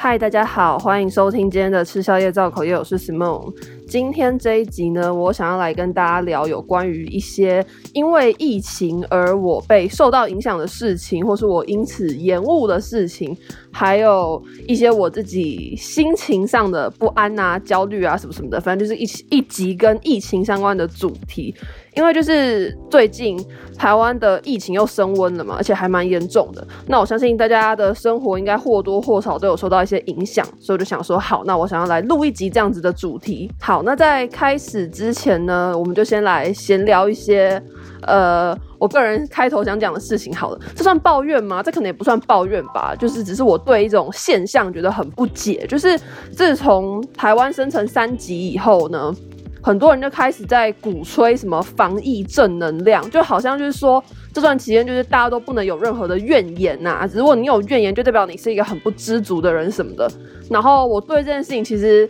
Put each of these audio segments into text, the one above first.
嗨，Hi, 大家好，歡迎收聽今天的吃宵夜、造口業。我是 Simone。今天這一集呢，我想要來跟大家聊有關於一些因為疫情而我被受到影響的事情，或是我因此延誤的事情，還有一些我自己心情上的不安啊、焦慮啊什麼什麼的。反正就是一一集跟疫情相關的主題。因為就是最近台灣的疫情又升溫了嘛，而且還蠻嚴重的。那我相信大家的生活應該或多或少都有受到一些影響，所以我就想說，好，那我想要來錄一集這樣子的主題。好，那在開始之前呢，我們就先來閒聊一些，呃，我個人開頭想講的事情好了。這算抱怨嗎？這可能也不算抱怨吧，就是只是我對一種現象覺得很不解，就是自從台灣升成三級以後呢。很多人就開始在鼓吹什麼防疫正能量，就好像就是說這段期間就是大家都不能有任何的怨言吶、啊，如果你有怨言，就代表你是一個很不知足的人什麼的。然後我對這件事情其實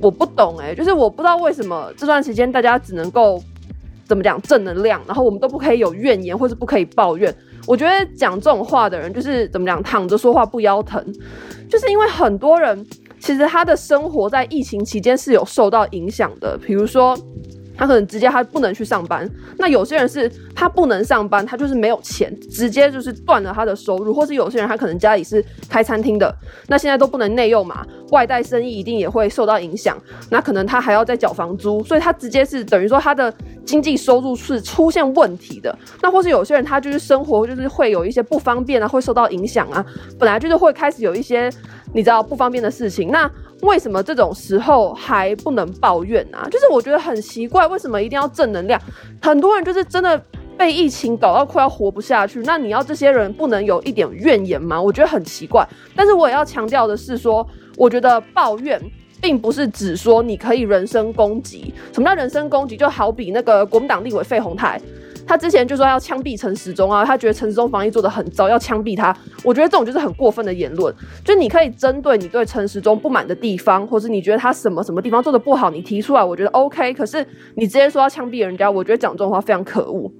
我不懂誒、欸，就是我不知道為什麼這段時間大家只能夠怎麼講正能量，然後我們都不可以有怨言或是不可以抱怨。我覺得講這種話的人就是怎麼講，躺着說話不腰疼，就是因為很多人。其實他的生活在疫情期間是有受到影響的，比如說，他可能直接他不能去上班，那有些人是他不能上班，他就是沒有錢，直接就是斷了他的收入，或是有些人他可能家裡是開餐廳的，那現在都不能內用嘛，外帶生意一定也會受到影響，那可能他還要再繳房租，所以他直接是等於說他的經濟收入是出現問題的，那或是有些人他就是生活就是會有一些不方便啊，會受到影響啊，本來就是會開始有一些。你知道不方便的事情，那為什麼這種時候還不能抱怨呢、啊？就是我覺得很奇怪，為什麼一定要正能量？很多人就是真的被疫情搞到快要活不下去，那你要這些人不能有一點怨言嗎？我覺得很奇怪。但是我也要強調的是說，說我覺得抱怨並不是指說你可以人身攻擊。什麼叫人身攻擊？就好比那個國民黨立委費鴻泰。他之前就說要槍斃陳時中啊，他覺得陳時中防疫做的很糟，要槍斃他。我覺得這種就是很過分的言論，就你可以針對你對陳時中不滿的地方，或是你覺得他什麼什麼地方做的不好，你提出來，我覺得 OK。可是你直接說要槍斃人家，我覺得講這種話非常可惡。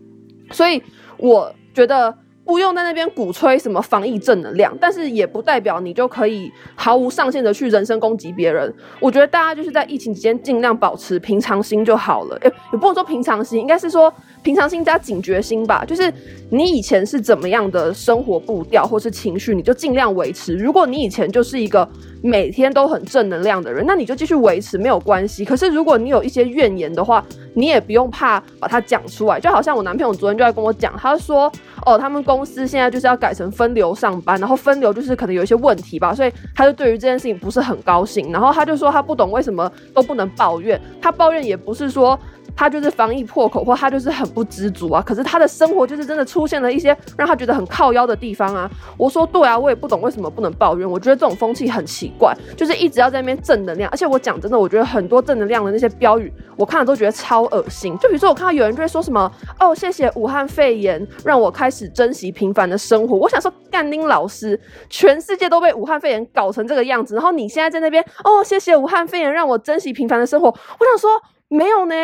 所以我覺得。不用在那邊鼓吹什麼防疫正能量，但是也不代表你就可以毫無上限的去人身攻擊別人。我覺得大家就是在疫情期間儘量保持平常心就好了。哎、欸，也不能說平常心，應該是說平常心加警覺心吧。就是你以前是怎麼樣的生活步調或是情緒，你就儘量維持。如果你以前就是一個每天都很正能量的人，那你就繼續維持，沒有關係。可是如果你有一些怨言的話，你也不用怕把它講出來。就好像我男朋友昨天就在跟我講，他說。哦，他們公司現在就是要改成分流上班，然後分流就是可能有一些問題吧，所以他就對於這件事情不是很高興，然後他就說他不懂為什麼都不能抱怨，他抱怨也不是說。他就是防疫破口，或他就是很不知足啊。可是他的生活就是真的出現了一些讓他覺得很靠腰的地方啊。我說對啊，我也不懂為什麼不能抱怨。我覺得這種風氣很奇怪，就是一直要在那邊正能量。而且我講真的，我覺得很多正能量的那些標語，我看了都覺得超噁心。就比如說我看到有人就會說什麼哦，謝謝武漢肺炎讓我開始珍惜平凡的生活。我想說，幹恁老師，全世界都被武漢肺炎搞成這個樣子，然後你現在在那邊哦，謝謝武漢肺炎讓我珍惜平凡的生活。我想說，沒有呢。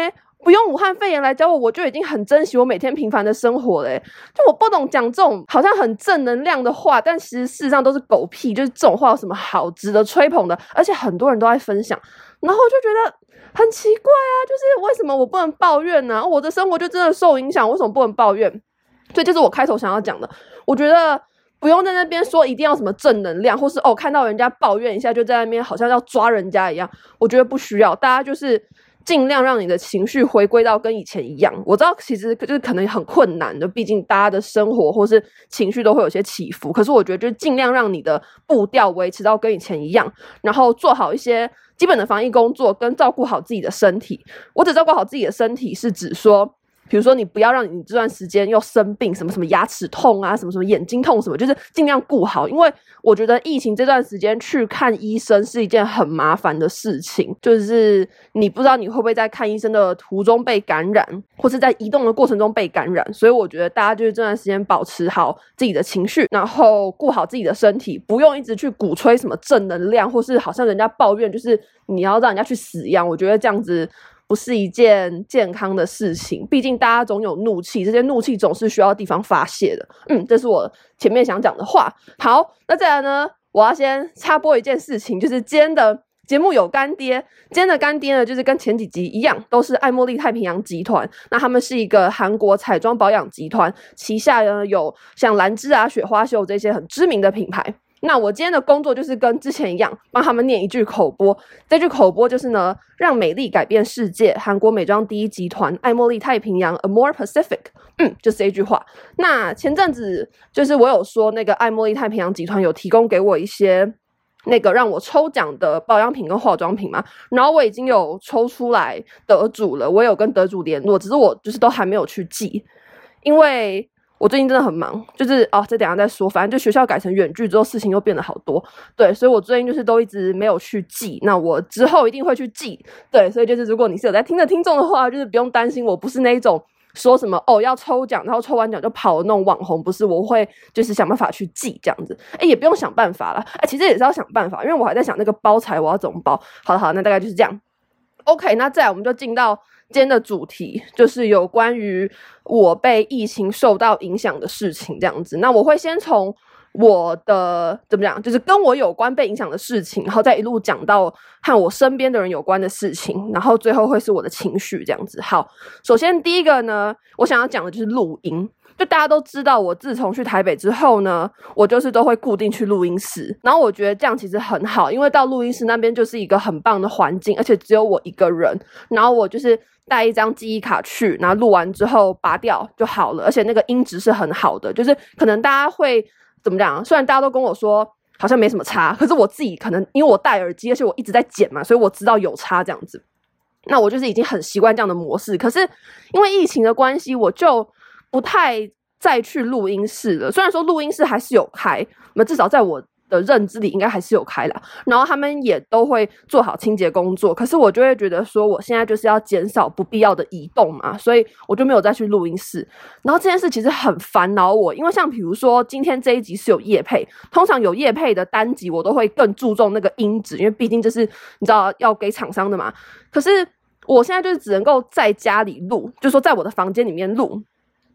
不用武漢肺炎來教我，我就已經很珍惜我每天平凡的生活了。就我不懂講這種好像很正能量的話，但其實事實上都是狗屁。就是這種話有什麼好值得吹捧的？而且很多人都在分享，然後我就覺得很奇怪啊，就是為什麼我不能抱怨呢啊？我的生活就真的受影響，為什麼不能抱怨？所以就是我開頭想要講的，我覺得不用在那邊說一定要什麼正能量，或是哦看到人家抱怨一下就在那邊好像要抓人家一樣，我覺得不需要，大家就是。盡量讓你的情緒回歸到跟以前一樣。我知道其實就是可能很困難的，畢竟大家的生活或是情緒都會有些起伏。可是我覺得就是盡量讓你的步調維持到跟以前一樣，然後做好一些基本的防疫工作，跟照顧好自己的身體。我只照顧好自己的身體，是指說。比如說，你不要讓你這段時間又生病，什麼什麼牙齒痛啊，什麼什麼眼睛痛什麼，就是盡量顧好。因為我覺得疫情這段時間去看醫生是一件很麻煩的事情，就是你不知道你會不會在看醫生的途中被感染，或是在移動的過程中被感染。所以我覺得大家就是這段時間保持好自己的情緒，然後顧好自己的身體，不用一直去鼓吹什麼正能量，或是好像人家抱怨，就是你要讓人家去死一樣。我覺得這樣子。不是一件健康的事情，畢竟大家總有怒氣，這些怒氣總是需要地方發洩的。嗯，這是我前面想講的話。好，那再來呢，我要先插播一件事情，就是今天的節目有乾爹。今天的乾爹呢，就是跟前幾集一樣，都是愛茉莉太平洋集團。那他們是一個韓國彩妝保養集團，旗下呢有像蘭芝啊、雪花秀這些很知名的品牌。那我今天的工作就是跟之前一樣，幫他們念一句口播。這句口播就是呢，讓美麗改變世界。韓國美妝第一集團愛茉莉太平洋 （Amore Pacific），嗯，就是這句話。那前陣子就是我有說那個愛茉莉太平洋集團有提供給我一些那個讓我抽獎的保養品跟化妝品嘛，然後我已經有抽出來得主了，我有跟得主聯絡，只是我就是都還沒有去寄，因為。我最近真的很忙，就是哦，再等一下再說。反正就學校改成遠距之後，事情又變得好多。對，所以我最近就是都一直沒有去寄。那我之後一定會去寄。對，所以就是如果你是有在聽的聽眾的話，就是不用擔心，我不是那一種說什麼哦要抽獎，然後抽完獎就跑了那種網紅，不是，我會就是想辦法去寄這樣子。哎，也不用想辦法了。哎，其實也是要想辦法，因為我還在想那個包材我要怎麼包。好了好，那大概就是這樣。OK，那再來我們就進到，今天的主題就是有關於我被疫情受到影響的事情，這樣子。那我會先從我的怎麼講，就是跟我有關被影響的事情，然後再一路講到和我身邊的人有關的事情，然後最後會是我的情緒，這樣子。好，首先第一個呢，我想要講的就是露營。就大家都知道，我自從去台北之後呢，我就是都會固定去錄音室。然後我覺得這樣其實很好，因為到錄音室那邊就是一個很棒的環境，而且只有我一個人。然後我就是帶一張記憶卡去，然後錄完之後拔掉就好了。而且那個音質是很好的，就是可能大家會怎麼講？雖然大家都跟我說好像沒什麼差，可是我自己可能因為我戴耳機，而且我一直在剪嘛，所以我知道有差這樣子。那我就是已經很習慣這樣的模式。可是因為疫情的關係，我就。不太再去錄音室了，雖然說錄音室還是有開，那麼至少在我的認知裡應該還是有開啦。然後他們也都會做好清潔工作，可是我就會覺得說，我現在就是要減少不必要的移動嘛，所以我就沒有再去錄音室。然後這件事其實很煩惱我，因為像比如說今天這一集是有業配，通常有業配的單集，我都會更注重那個音質，因為畢竟這是你知道要給廠商的嘛。可是我現在就是只能夠在家裡錄，就說在我的房間裡面錄。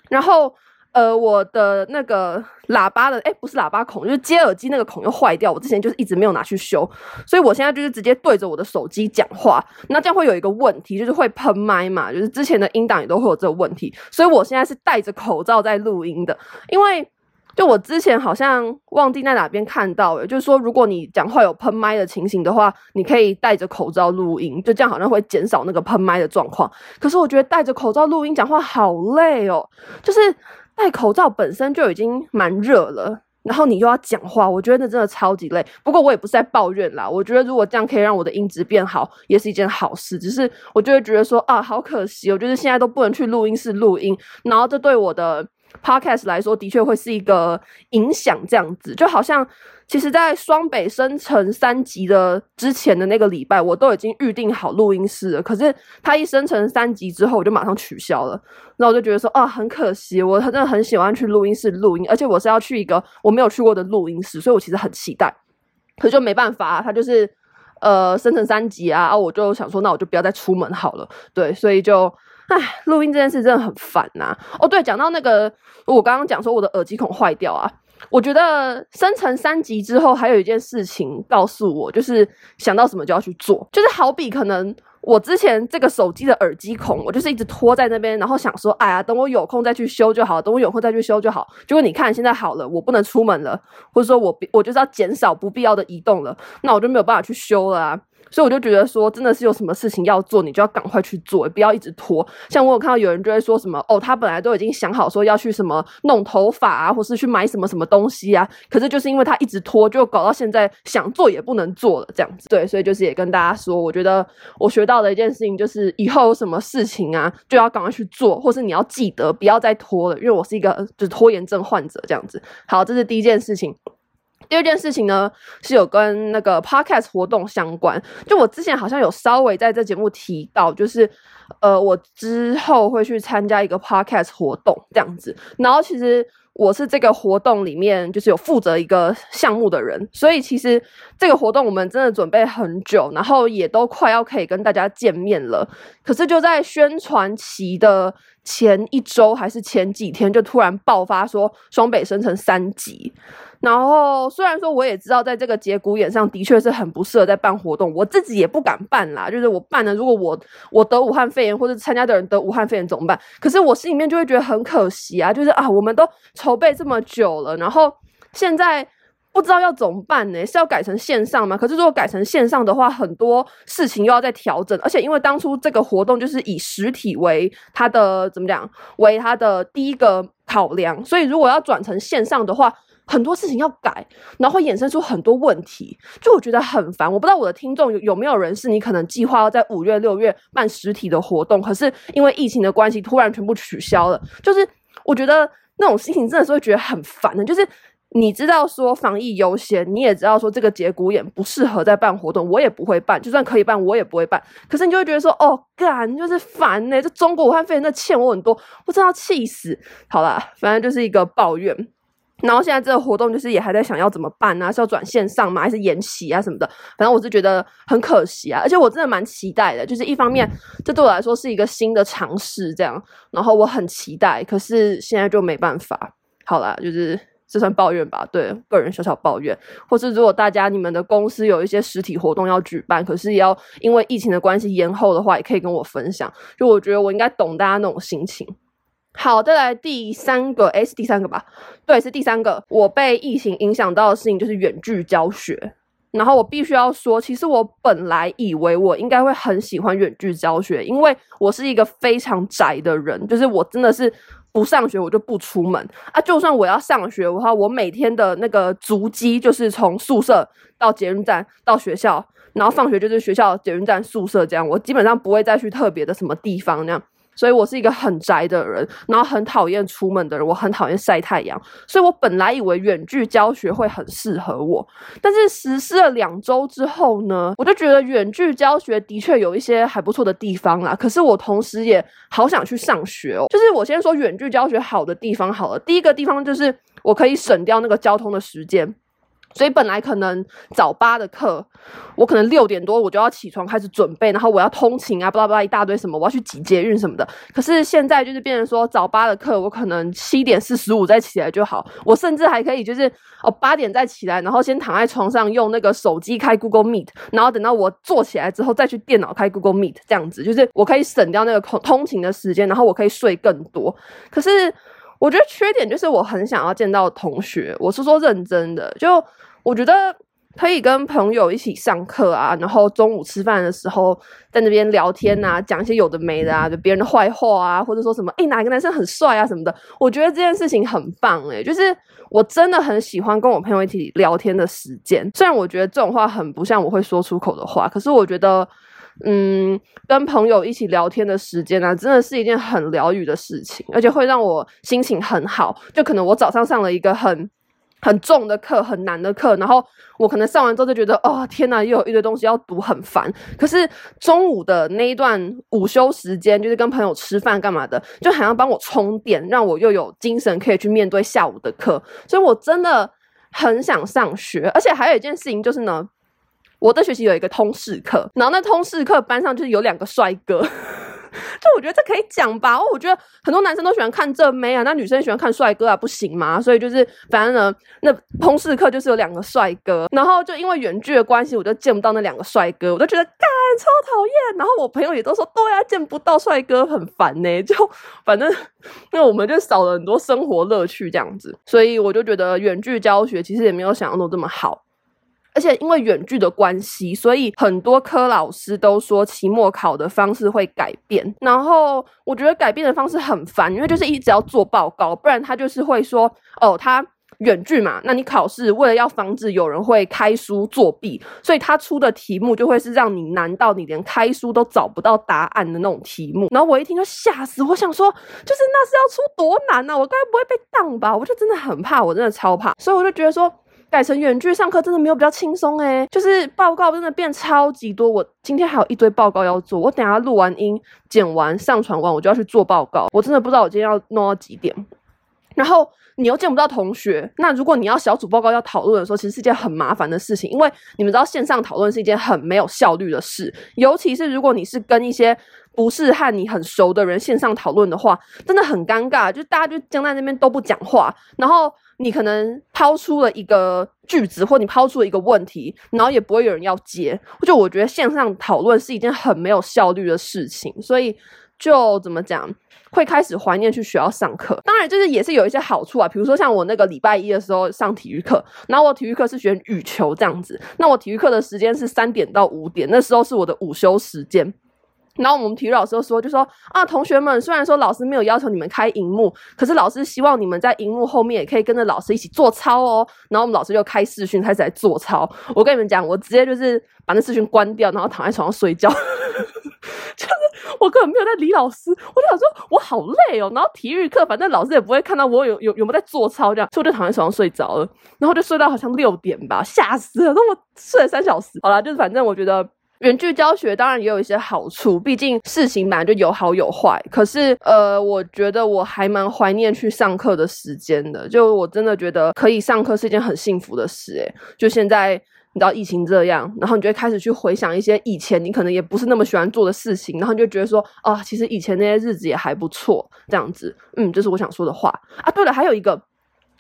然後，呃，我的那個喇叭的，哎，不是喇叭孔，就是接耳機那個孔又壞掉。我之前就是一直沒有拿去修，所以我現在就是直接對着我的手機講話。那這樣會有一個問題，就是會噴麥嘛，就是之前的音檔也都會有這個問題。所以我現在是戴着口罩在錄音的，因為。就我之前好像忘記在哪邊看到，欸，哎，就是說，如果你講話有噴麥的情形的話，你可以戴着口罩錄音，就這樣好像會減少那個噴麥的狀況。可是我覺得戴着口罩錄音講話好累哦，就是戴口罩本身就已經蠻熱了，然後你又要講話，我覺得那真的超級累。不過我也不是在抱怨啦，我覺得如果這樣可以讓我的音質變好，也是一件好事。只是我就會覺得說啊，好可惜，我覺得現在都不能去錄音室錄音，然後這對我的。Podcast 來說，的確會是一個影響這樣子，就好像其實，在雙北升成三級的之前的那個禮拜，我都已經預定好錄音室了。可是它一升成三級之後，我就馬上取消了。那我就覺得說，啊，很可惜，我真的很喜歡去錄音室錄音，而且我是要去一個我沒有去過的錄音室，所以我其實很期待。可是就沒辦法，它就是呃，升成三級啊，啊我就想說，那我就不要再出門好了，對，所以就。唉，錄音這件事真的很煩吶、啊。哦、oh,，對，講到那個，我剛剛講說我的耳機孔壞掉啊。我覺得升成三級之後，還有一件事情告訴我，就是想到什麼就要去做，就是好比可能我之前這個手機的耳機孔，我就是一直拖在那邊，然後想說，哎呀，等我有空再去修就好，等我有空再去修就好。結果你看，現在好了，我不能出門了，或者說我，我我就是要減少不必要的移動了，那我就沒有辦法去修了啊。所以我就覺得說，真的是有什麼事情要做，你就要趕快去做，不要一直拖。像我有看到有人就會說什麼，哦，他本來都已經想好說要去什麼弄頭髮啊，或是去買什麼什麼東西啊，可是就是因為他一直拖，就搞到現在想做也不能做了這樣子。對，所以就是也跟大家說，我覺得我學到的一件事情就是，以後有什麼事情啊，就要趕快去做，或是你要記得不要再拖了，因為我是一個就是拖延症患者這樣子。好，這是第一件事情。第二件事情呢，是有跟那個 podcast 活動相關，就我之前好像有稍微在這節目提到，就是呃，我之後會去參加一個 podcast 活動這樣子。然後其實我是這個活動裡面就是有負責一個項目的人，所以其實這個活動我們真的準備很久，然後也都快要可以跟大家見面了。可是就在宣傳期的。前一週還是前幾天，就突然爆發說雙北升成三級，然後雖然說我也知道，在這個節骨眼上的確是很不適合在辦活動，我自己也不敢辦啦。就是我辦了，如果我我得武漢肺炎，或者參加的人得武漢肺炎，怎麼辦？可是我心裡面就會覺得很可惜啊，就是啊，我們都籌備這麼久了，然後現在。不知道要怎麼辦呢？是要改成線上嗎？可是如果改成線上的話，很多事情又要再調整，而且因為當初這個活動就是以實體為它的怎麼講，為它的第一個考量，所以如果要轉成線上的話，很多事情要改，然後會衍生出很多問題，就我覺得很煩。我不知道我的聽眾有沒有人是你可能計劃要在五月、六月辦實體的活動，可是因為疫情的關係，突然全部取消了，就是我覺得那種心情真的是會覺得很煩的，就是。你知道說防疫優先，你也知道說這個節骨眼不適合在辦活動，我也不會辦。就算可以辦，我也不會辦。可是你就會覺得說，哦，幹就是煩呢、欸。這中國武漢肺炎那欠我很多，我真要氣死。好啦，反正就是一個抱怨。然後現在這個活動就是也還在想要怎麼辦呢、啊？是要轉線上嘛還是延期啊什麼的？反正我是覺得很可惜啊。而且我真的蠻期待的，就是一方面這對我來說是一個新的嘗試，這樣，然後我很期待。可是現在就沒辦法。好啦，就是。這算抱怨吧？對，個人小小抱怨，或是如果大家你們的公司有一些實體活動要舉辦，可是也要因為疫情的關係延後的話，也可以跟我分享。就我覺得我應該懂大家那種心情。好，再來第三個，誒,是第三個吧？對，是第三個。我被疫情影響到的事情就是遠距教學。然後我必須要說，其實我本來以為我應該會很喜歡遠距教學，因為我是一個非常宅的人，就是我真的是。不上學我就不出門啊！就算我要上學的話，我每天的那個足跡就是從宿舍到捷運站到學校，然後放學就是學校、捷運站、宿舍這樣，我基本上不會再去特別的什麼地方那樣。所以我是一個很宅的人，然後很討厭出門的人，我很討厭曬太陽，所以我本來以為遠距教學會很適合我，但是實施了兩周之後呢，我就覺得遠距教學的確有一些還不錯的地方啦，可是我同時也好想去上學哦。就是我先說遠距教學好的地方好了，第一個地方就是我可以省掉那個交通的時間。所以本來可能早八的課，我可能六點多我就要起床開始準備，然後我要通勤啊，巴拉巴拉一大堆什麼，我要去擠捷運什麼的。可是現在就是變成說早八的課，我可能七點四十五再起來就好，我甚至還可以就是哦八點再起來，然後先躺在床上用那個手機開 Google Meet，然後等到我坐起來之後再去電腦開 Google Meet，這樣子就是我可以省掉那個通通勤的時間，然後我可以睡更多。可是。我覺得缺點就是我很想要見到同學，我是說認真的，就我覺得可以跟朋友一起上課啊，然後中午吃飯的時候在那邊聊天吶，講一些有的沒的啊，就別人的壞話啊，或者說什麼欸，哪個男生很帥啊什麼的，我覺得這件事情很棒欸，就是我真的很喜歡跟我朋友一起聊天的時間，雖然我覺得這種話很不像我會說出口的話，可是我覺得。嗯，跟朋友一起聊天的時間啊，真的是一件很療癒的事情，而且會讓我心情很好。就可能我早上上了一個很很重的課，很難的課，然後我可能上完之後就覺得，哦天吶，又有一堆東西要讀，很煩。可是中午的那一段午休時間，就是跟朋友吃飯幹嘛的，就好像幫我充電，讓我又有精神可以去面對下午的課。所以，我真的很想上學，而且還有一件事情就是呢。我的學習有一個通識課，然後那通識課班上就是有兩個帥哥， 就我覺得這可以講吧。哦，我覺得很多男生都喜歡看正妹啊，那女生喜歡看帥哥啊，不行嘛？所以就是反正呢，那通識課就是有兩個帥哥，然後就因為遠距的關係，我就見不到那兩個帥哥，我就覺得幹超討厭。然後我朋友也都說對啊，見不到帥哥很煩呢、欸。就反正那我們就少了很多生活樂趣這樣子，所以我就覺得遠距教學其實也沒有想象中這麼好。而且因為遠距的關係，所以很多科老師都說期末考的方式會改變。然後我覺得改變的方式很煩，因為就是一直要做報告，不然他就是會說哦，他遠距嘛，那你考試為了要防止有人會開書作弊，所以他出的題目就會是讓你難到你連開書都找不到答案的那種題目。然後我一聽就嚇死，我想說就是那是要出多難啊？我該不會被當吧？我就真的很怕，我真的超怕，所以我就覺得說。改成遠距上課真的沒有比較輕鬆誒，就是報告真的變超級多。我今天還有一堆報告要做，我等一下錄完音、剪完、上傳完，我就要去做報告。我真的不知道我今天要弄到幾點。然後你又見不到同學，那如果你要小組報告要討論的時候，其實是一件很麻煩的事情，因為你們知道線上討論是一件很沒有效率的事，尤其是如果你是跟一些不是和你很熟的人線上討論的話，真的很尷尬，就大家就僵在那邊都不講話，然後。你可能拋出了一個句子，或者你拋出了一個問題，然後也不會有人要接。就我覺得線上討論是一件很沒有效率的事情，所以就怎麼講，會開始懷念去學校上課。當然，就是也是有一些好處啊，比如說像我那個禮拜一的時候上體育課，然後我體育課是選羽球，這樣子，那我體育課的時間是三點到五點，那時候是我的午休時間。然後我們體育老師就說，就說啊，同學們，雖然說老師沒有要求你們開螢幕，可是老師希望你們在螢幕後面也可以跟着老師一起做操哦。然後我們老師就開視訊開始來做操。我跟你們講，我直接就是把那視訊關掉，然後躺在床上睡覺， 就是我根本沒有在理老師。我就想說，我好累哦。然後體育課，反正老師也不會看到我有有有沒有在做操這樣，所以我就躺在床上睡着了。然後就睡到好像六點吧，嚇死了，那麼睡了三小時。好啦，就是反正我覺得。遠距教學當然也有一些好處，畢竟事情本來就有好有壞。可是，呃，我覺得我還蠻懷念去上課的時間的。就我真的覺得可以上課是一件很幸福的事，誒。就現在你知道疫情這樣，然後你就會開始去回想一些以前你可能也不是那麼喜歡做的事情，然後你就覺得說，啊，其實以前那些日子也還不錯，這樣子。嗯，這、就是我想說的話啊。對了，還有一個。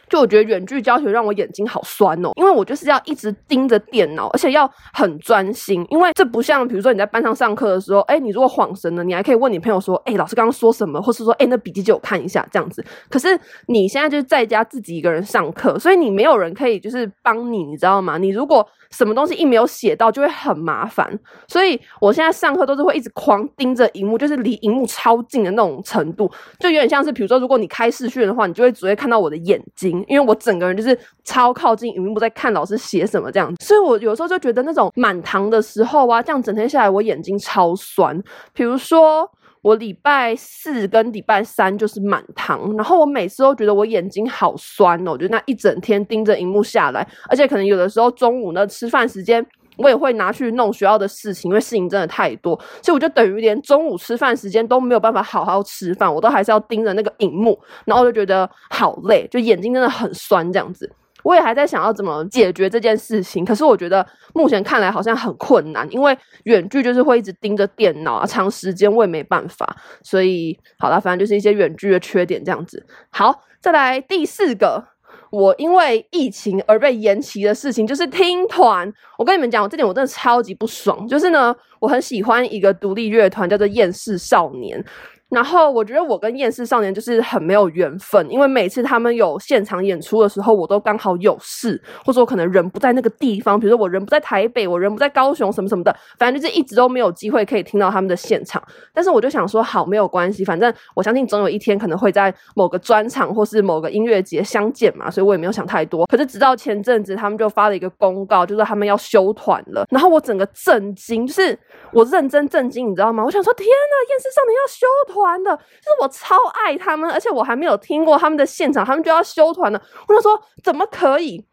就我覺得遠距教學讓我眼睛好酸哦，因為我就是要一直盯着電腦，而且要很專心，因為這不像比如說你在班上上課的時候，誒，你如果恍神了，你還可以問你朋友說，誒，老師剛剛說什麼，或是說，誒，那筆記借我看一下這樣子。可是你現在就是在家自己一個人上課，所以你沒有人可以就是幫你，你知道嗎？你如果什麼東西一沒有寫到，就會很麻煩，所以我現在上課都是會一直狂盯着熒幕，就是離熒幕超近的那種程度，就有點像是，比如說如果你開視訊的話，你就會只會看到我的眼睛，因為我整個人就是超靠近熒幕在看老師寫什麼這樣子，所以我有時候就覺得那種滿堂的時候啊，這樣整天下來我眼睛超酸，比如說。我禮拜四跟禮拜三就是滿堂，然後我每次都覺得我眼睛好酸哦，我覺得那一整天盯着熒幕下來，而且可能有的時候中午呢，吃飯時間，我也會拿去弄學校的事情，因為事情真的太多，所以我就等於連中午吃飯時間都沒有辦法好好吃飯，我都還是要盯着那個熒幕，然後我就覺得好累，就眼睛真的很酸這樣子。我也還在想要怎麼解決這件事情，可是我覺得目前看來好像很困難，因為遠距就是會一直盯着電腦啊，長時間我也沒辦法，所以好啦，反正就是一些遠距的缺點這樣子。好，再來第四個，我因為疫情而被延期的事情，就是聽團。我跟你們講，我這點我真的超級不爽，就是呢，我很喜歡一個獨立樂團，叫做厭世少年。然後我覺得我跟厭世少年就是很沒有緣分，因為每次他們有現場演出的時候，我都剛好有事，或者我可能人不在那個地方，比如說我人不在台北，我人不在高雄什麼什麼的，反正就是一直都沒有機會可以聽到他們的現場。但是我就想說，好，沒有關係，反正我相信總有一天可能會在某個專場或是某個音樂節相見嘛，所以我也沒有想太多。可是直到前陣子，他們就發了一個公告，就是他們要休團了，然後我整個震驚，就是我認真震驚，你知道嗎？我想說，天哪，厭世少年要休團！團的就是我超愛他們，而且我還沒有聽過他們的現場，他們就要休團了，我就說怎麼可以？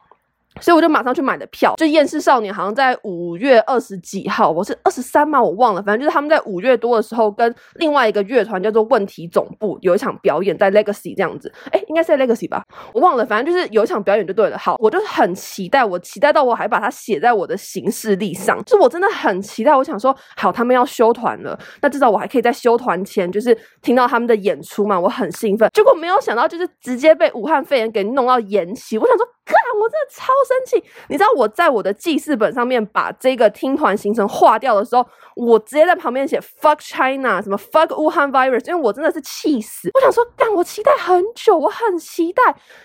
所以我就馬上去買了票。就《厭世少年》好像在五月二十幾號，我是二十三嘛，我忘了，反正就是他們在五月多的時候，跟另外一個樂團叫做“問題總部”有一場表演，在 Legacy 這樣子。哎，應該是在 Legacy 吧，我忘了，反正就是有一場表演就對了。好，我就是很期待，我期待到我還把它寫在我的行事曆上，就我真的很期待。我想說，好，他們要休團了，那至少我還可以在休團前就是聽到他們的演出嘛，我很興奮。結果沒有想到，就是直接被武漢肺炎給弄到延期。我想說。幹！我真的超生氣！你知道我在我的記事本上面把這個聽團行程劃掉的時候，我直接在旁邊寫 “fuck China” 什麼 “fuck Wuhan virus”，因為我真的是氣死！我想說，幹！我期待很久，我很期待，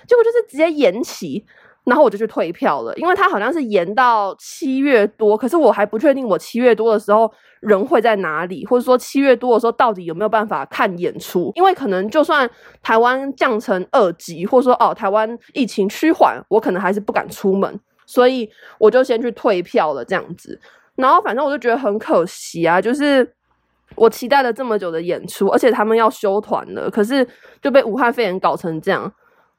結果就是直接延期。然後我就去退票了，因為他好像是延到七月多，可是我還不確定我七月多的時候人會在哪裡，或者說七月多的時候到底有沒有辦法看演出？因為可能就算台灣降成二級，或者說哦，台灣疫情趨緩，我可能還是不敢出門，所以我就先去退票了這樣子。然後反正我就覺得很可惜啊，就是我期待了這麼久的演出，而且他們要休團了，可是就被武漢肺炎搞成這樣。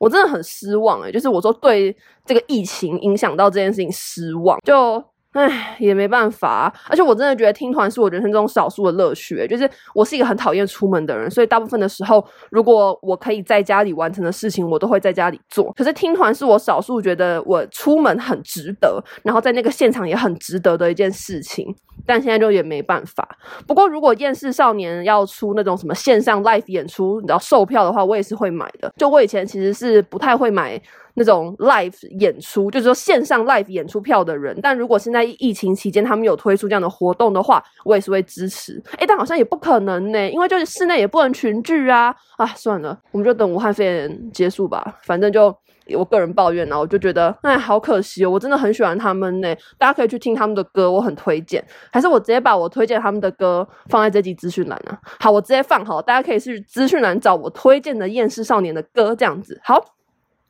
我真的很失望、欸，誒就是我說對這個疫情影響到這件事情失望，就。唉，也沒辦法。而且我真的覺得聽團是我人生中少數的樂趣，就是我是一個很討厭出門的人，所以大部分的時候，如果我可以在家裡完成的事情，我都會在家裡做。可是聽團是我少數覺得我出門很值得，然後在那個現場也很值得的一件事情。但現在就也沒辦法。不過如果厭世少年要出那種什麼線上 live 演出，你要售票的話，我也是會買的。就我以前其實是不太會買。那種 live 演出，就是說線上 live 演出票的人，但如果現在疫情期間他們有推出這樣的活動的話，我也是會支持。誒，但好像也不可能呢，因為就是室內也不能群聚啊。啊，算了，我們就等武漢肺炎結束吧。反正就我個人抱怨呢，啊，我就覺得哎，好可惜哦，我真的很喜歡他們呢。大家可以去聽他們的歌，我很推薦。還是我直接把我推薦他們的歌放在這集資訊欄啊。好，我直接放好，大家可以去資訊欄找我推薦的《厭世少年》的歌，這樣子好。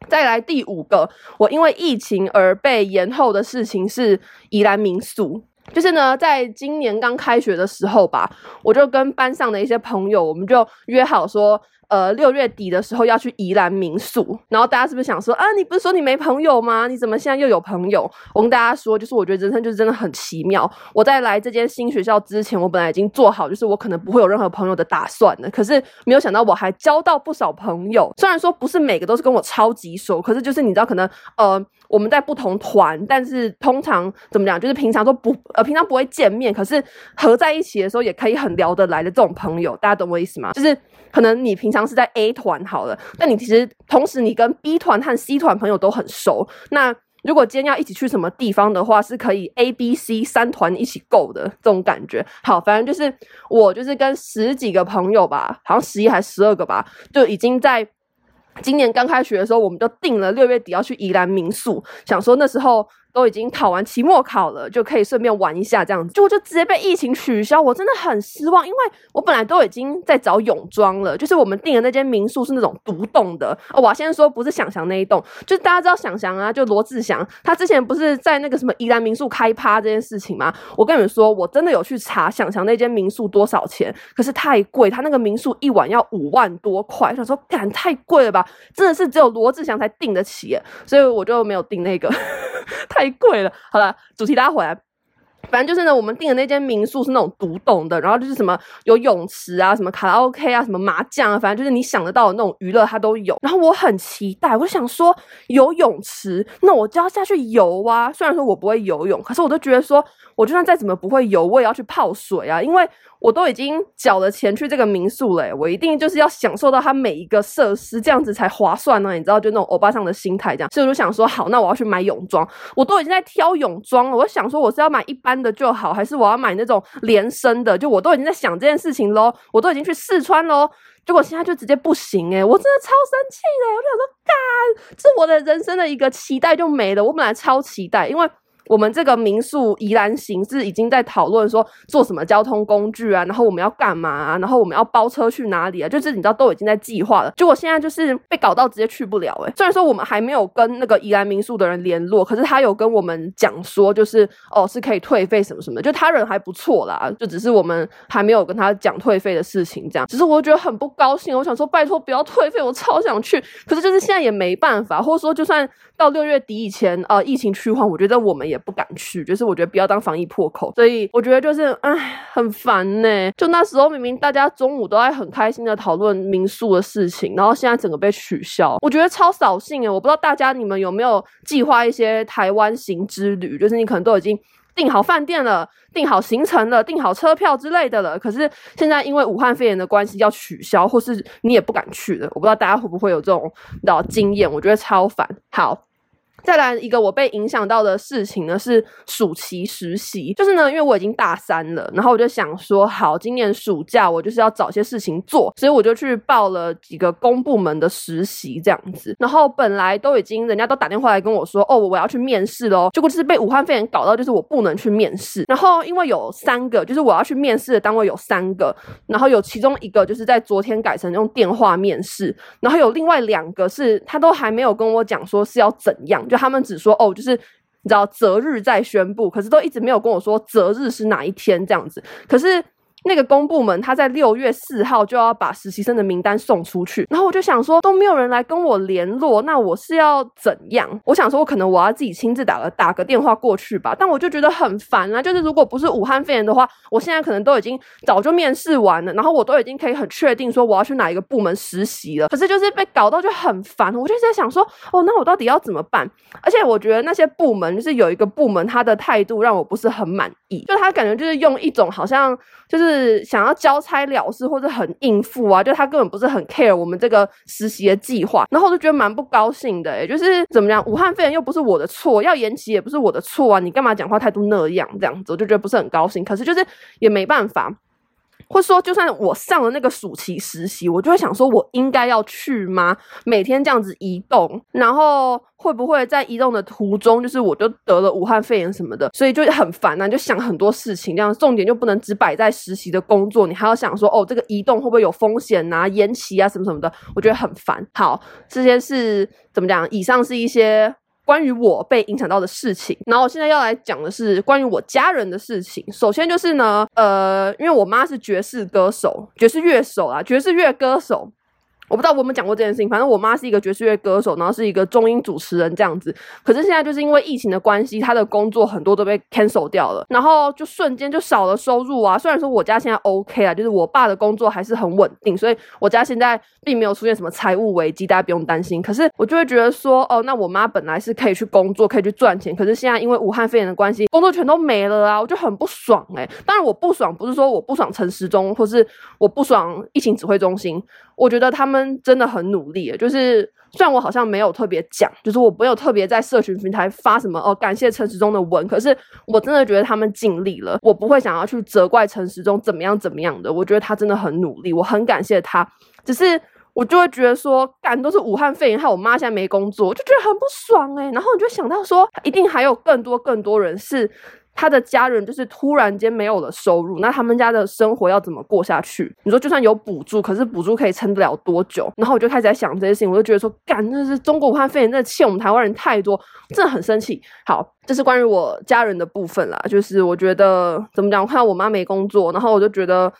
再來第五個，我因為疫情而被延後的事情是宜蘭民宿，就是呢，在今年剛開學的時候吧，我就跟班上的一些朋友，我們就約好說，呃，六月底的時候要去宜蘭民宿，然後大家是不是想說，啊，你不是說你沒朋友嗎？你怎麼現在又有朋友？我跟大家說，就是我覺得人生就是真的很奇妙。我在來這間新學校之前，我本來已經做好就是我可能不會有任何朋友的打算了，可是沒有想到我還交到不少朋友。雖然說不是每個都是跟我超級熟，可是就是你知道，可能呃。我們在不同團，但是通常怎麼講，就是平常都不，呃，平常不會見面，可是合在一起的時候也可以很聊得來的這種朋友，大家懂我意思嗎？就是可能你平常是在 A 團好了，但你其實同時你跟 B 團和 C 團朋友都很熟，那如果今天要一起去什麼地方的話，是可以 A、B、C 三團一起夠的這種感覺。好，反正就是我就是跟十幾個朋友吧，好像十一還十二個吧，就已經在。今年剛開學的時候，我們就定了六月底要去宜蘭民宿，想說那時候。都已經考完期末考了，就可以順便玩一下這樣子，就我就直接被疫情取消。我真的很失望，因為我本來都已經在找泳裝了，就是我們訂的那間民宿是那種獨棟的。我、哦、先說不是祥祥那一棟，就是大家知道祥祥啊，就羅志祥，他之前不是在那個什麼宜蘭民宿開趴這件事情嗎？我跟你們說，我真的有去查祥祥那間民宿多少錢，可是太貴，他那個民宿一晚要五萬多塊，我想說幹，太貴了吧，真的是只有羅志祥才訂得起，所以我就沒有訂那個。 太貴了，好了，主題拉回來，反正就是呢，我們訂的那間民宿是那種獨棟的，然後就是什麼游泳池啊，什麼卡拉 OK 啊，什麼麻將啊，反正就是你想得到的那種娛樂它都有。然後我很期待，我就想說游泳池，那我就要下去游啊。雖然說我不會游泳，可是我都覺得說，我就算再怎麼不會游，我也要去泡水啊，因為。我都已經繳了錢去這個民宿了，我一定就是要享受到它每一個設施，這樣子才划算呢。你知道，就那種歐巴桑的心態這樣。所以我就想說，好，那我要去買泳裝，我都已經在挑泳裝了。我想說，我是要買一般的就好，還是我要買那種連身的？就我都已經在想這件事情咯，我都已經去試穿咯，結果現在就直接不行誒，我真的超生氣的。我就想說，幹，這我的人生的一個期待就沒了。我本來超期待，因為。我們這個民宿宜蘭行是已經在討論說坐什麼交通工具啊，然後我們要幹嘛啊，然後我們要包車去哪裡啊？就是你知道都已經在計劃了，結果現在就是被搞到直接去不了誒、欸。雖然說我們還沒有跟那個宜蘭民宿的人聯絡，可是他有跟我們講說就是哦是可以退費什麼什麼，就他人還不錯啦，就只是我們還沒有跟他講退費的事情這樣。只是我覺得很不高興，我想說拜託不要退費，我超想去，可是就是現在也沒辦法，或者說就算到六月底以前呃，疫情趨緩，我覺得我們。也不敢去，就是我覺得不要當防疫破口，所以我覺得就是唉，很煩呢、欸。就那時候明明大家中午都在很開心的討論民宿的事情，然後現在整個被取消，我覺得超掃興誒、欸，我不知道大家你們有沒有計劃一些台灣行之旅，就是你可能都已經訂好飯店了、訂好行程了、訂好車票之類的了，可是現在因為武漢肺炎的關係要取消，或是你也不敢去了。我不知道大家會不會有這種老經驗，我覺得超煩。好。再來一個我被影響到的事情呢，是暑期實習。就是呢，因為我已經大三了，然後我就想說，好，今年暑假我就是要找些事情做，所以我就去報了幾個公部門的實習這樣子。然後本來都已經人家都打電話來跟我說，哦，我要去面試嘍。結果就是被武漢肺炎搞到，就是我不能去面試。然後因為有三個，就是我要去面試的單位有三個，然後有其中一個就是在昨天改成用電話面試，然後有另外兩個是他都還沒有跟我講說是要怎樣。就他們只說哦，就是你知道擇日再宣布，可是都一直沒有跟我說擇日是哪一天這樣子，可是。那個公部門，他在六月四號就要把實習生的名單送出去，然後我就想說都沒有人來跟我聯絡，那我是要怎樣？我想說，我可能我要自己親自打個打個電話過去吧，但我就覺得很煩啊。就是如果不是武漢肺炎的話，我現在可能都已經早就面試完了，然後我都已經可以很確定說我要去哪一個部門實習了。可是就是被搞到就很煩，我就在想說，哦，那我到底要怎麼辦？而且我覺得那些部門就是有一個部門，他的態度讓我不是很滿意，就他感覺就是用一種好像就是。是想要交差了事，或者很應付啊，就他根本不是很 care 我們這個實習的計劃，然後我就覺得蠻不高興的。哎，就是怎麼樣？武漢肺炎又不是我的錯，要延期也不是我的錯啊，你幹嘛講話態度那樣？這樣子我就覺得不是很高興，可是就是也沒辦法。或說，就算我上了那個暑期實習，我就會想說，我應該要去嗎？每天這樣子移動，然後會不會在移動的途中，就是我就得了武漢肺炎什麼的？所以就很煩啊，就想很多事情，這樣重點就不能只擺在實習的工作，你還要想說，哦，這個移動會不會有風險啊？延期啊，什麼什麼的，我覺得很煩。好，這些是怎麼講？以上是一些。關於我被影響到的事情，然後我現在要來講的是關於我家人的事情。首先就是呢，呃，因為我媽是爵士歌手，爵士樂手啊，爵士樂歌手。我不知道我有沒有講過這件事情，反正我媽是一個爵士樂歌手，然後是一個中英主持人這樣子。可是現在就是因為疫情的關係，她的工作很多都被 cancel 掉了，然後就瞬間就少了收入啊。雖然說我家現在 OK 啊,就是我爸的工作還是很穩定，所以我家現在並沒有出現什麼財務危機，大家不用擔心。可是我就會覺得說，哦，那我媽本來是可以去工作，可以去賺錢，可是現在因為武漢肺炎的關係，工作全都沒了啊，我就很不爽哎、欸。當然我不爽不是說我不爽陳時中，或是我不爽疫情指揮中心。我覺得他們真的很努力，就是雖然我好像沒有特別講，就是我沒有特別在社群平台發什麼哦，感謝陳時中的文，可是我真的覺得他們盡力了，我不會想要去責怪陳時中怎麼樣怎麼樣的，我覺得他真的很努力，我很感謝他，只是我就會覺得說，幹，都是武漢肺炎，害我媽現在沒工作，我就覺得很不爽誒，然後我就想到說，一定還有更多更多人是。他的家人就是突然間沒有了收入，那他們家的生活要怎麼過下去？你說就算有補助，可是補助可以撐得了多久？然後我就開始在想這些事情，我就覺得說，幹，那是中國武漢肺炎，真的欠我們台灣人太多，真的很生氣。好，這是關於我家人的部分啦，就是我覺得怎麼講，我看到我媽沒工作，然後我就覺得。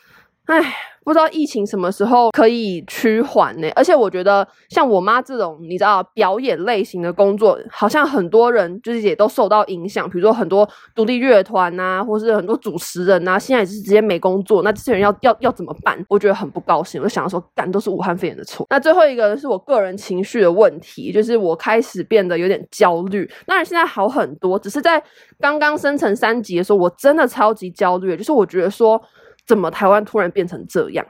哎，不知道疫情什麼時候可以趨緩呢、欸？而且我覺得像我媽這種，你知道，表演類型的工作，好像很多人就是也都受到影響。比如說很多獨立樂團吶、啊，或是很多主持人吶、啊，現在也是直接沒工作。那這些人要要要怎麼辦？我覺得很不高興。我就想說，幹都是武漢肺炎的錯。那最後一個是我個人情緒的問題，就是我開始變得有點焦慮。當然現在好很多，只是在剛剛升成三級的時候，我真的超級焦慮，就是我覺得說。怎麼台灣突然變成這樣？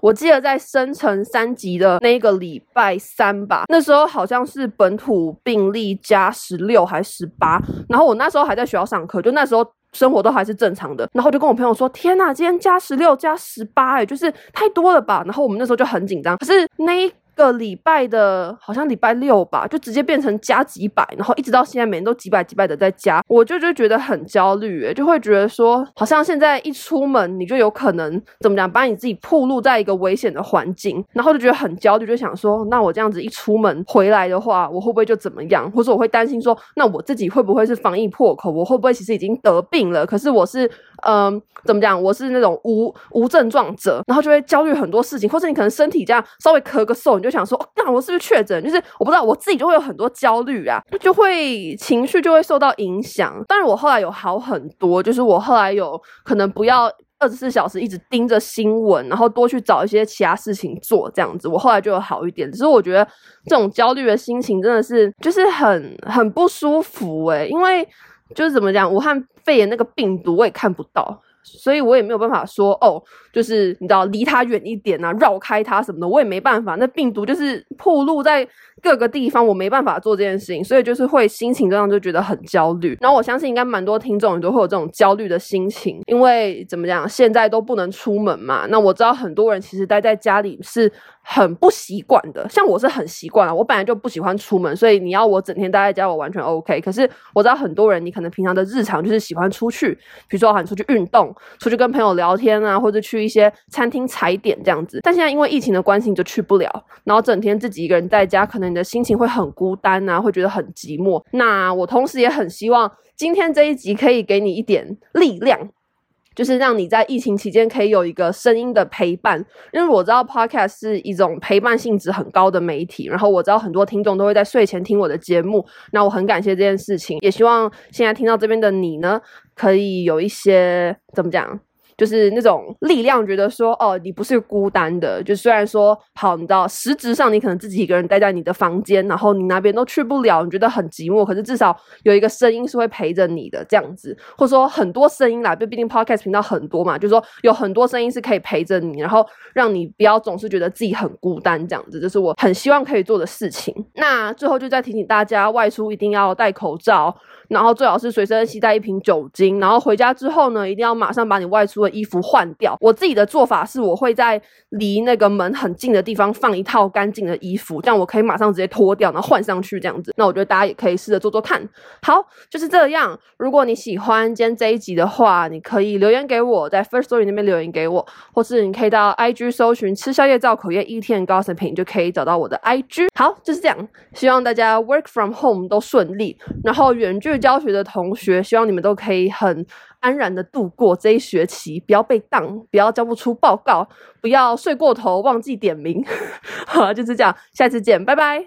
我記得在升成三級的那一個禮拜三吧，那時候好像是本土病例加十六還是十八，然後我那時候還在學校上課，就那時候生活都還是正常的，然後就跟我朋友說：“天哪，今天加十六加十八，哎，就是太多了吧？”然後我們那時候就很緊張，可是那。個禮拜的，好像禮拜六吧，就直接變成加幾百，然後一直到現在，每天都幾百幾百的在加，我就就覺得很焦慮欸，就會覺得說，好像現在一出門，你就有可能怎麼講，把你自己暴露在一個危險的環境，然後就覺得很焦慮，就想說，那我這樣子一出門回來的話，我會不會就怎麼樣，或者我會擔心說，那我自己會不會是防疫破口，我會不會其實已經得病了？可是我是。嗯，怎麼講？我是那種無無症狀者，然後就會焦慮很多事情，或者你可能身體這樣稍微咳個嗽，你就想說，那、哦、我是不是確診？就是我不知道，我自己就會有很多焦慮啊，就會情緒就會受到影響。但是我後來有好很多，就是我後來有可能不要二十四小時一直盯着新聞，然後多去找一些其他事情做，這樣子，我後來就有好一點。只是我覺得這種焦慮的心情真的是就是很很不舒服哎、欸，因為。就是怎麼講，武漢肺炎那個病毒我也看不到。所以我也沒有辦法說哦，就是你知道離他遠一點吶、啊，繞開他什麼的，我也沒辦法。那病毒就是暴露在各個地方，我沒辦法做這件事情，所以就是會心情上就覺得很焦慮。然後我相信應該蠻多聽眾都會有這種焦慮的心情，因為怎麼講，現在都不能出門嘛。那我知道很多人其實待在家裡是很不習慣的，像我是很習慣啊，我本來就不喜歡出門，所以你要我整天待在家，我完全 OK。可是我知道很多人你可能平常的日常就是喜歡出去，比如說喊你出去運動。出去跟朋友聊天啊，或者去一些餐廳踩點這樣子，但現在因為疫情的關係，你就去不了，然後整天自己一個人在家，可能你的心情會很孤單啊，會覺得很寂寞。那我同時也很希望今天這一集可以給你一點力量。就是讓你在疫情期間可以有一個聲音的陪伴，因為我知道 Podcast 是一種陪伴性質很高的媒體，然後我知道很多聽眾都會在睡前聽我的節目，那我很感謝這件事情，也希望現在聽到這邊的你呢，可以有一些怎麼講？就是那種力量，覺得說哦，你不是孤單的。就雖然說好，你知道，實質上你可能自己一個人待在你的房間，然後你那邊都去不了，你覺得很寂寞。可是至少有一個聲音是會陪着你的，這樣子，或者說很多聲音啦,就畢竟 podcast 頻道很多嘛，就是說有很多聲音是可以陪着你，然後讓你不要總是覺得自己很孤單這樣子。這是我很希望可以做的事情。那最後就再提醒大家，外出一定要戴口罩。然後最好是隨身攜帶一瓶酒精，然後回家之後呢，一定要馬上把你外出的衣服換掉。我自己的做法是，我會在離那個門很近的地方放一套乾淨的衣服，這樣我可以馬上直接脫掉，然後換上去這樣子。那我覺得大家也可以試着做做看。好，就是這樣。如果你喜歡今天這一集的話，你可以留言給我，在 Firstory 那邊留言給我，或是你可以到 IG 搜尋“吃宵夜造口業 eating and gossiping” 什麼的，就可以找到我的 IG。好，就是這樣。希望大家 Work from Home 都順利，然後遠距。教學的同學，希望你們都可以很安然的度過這一學期，不要被當，不要交不出報告，不要睡過頭忘記點名。 好了，就是這樣，下次見，拜拜。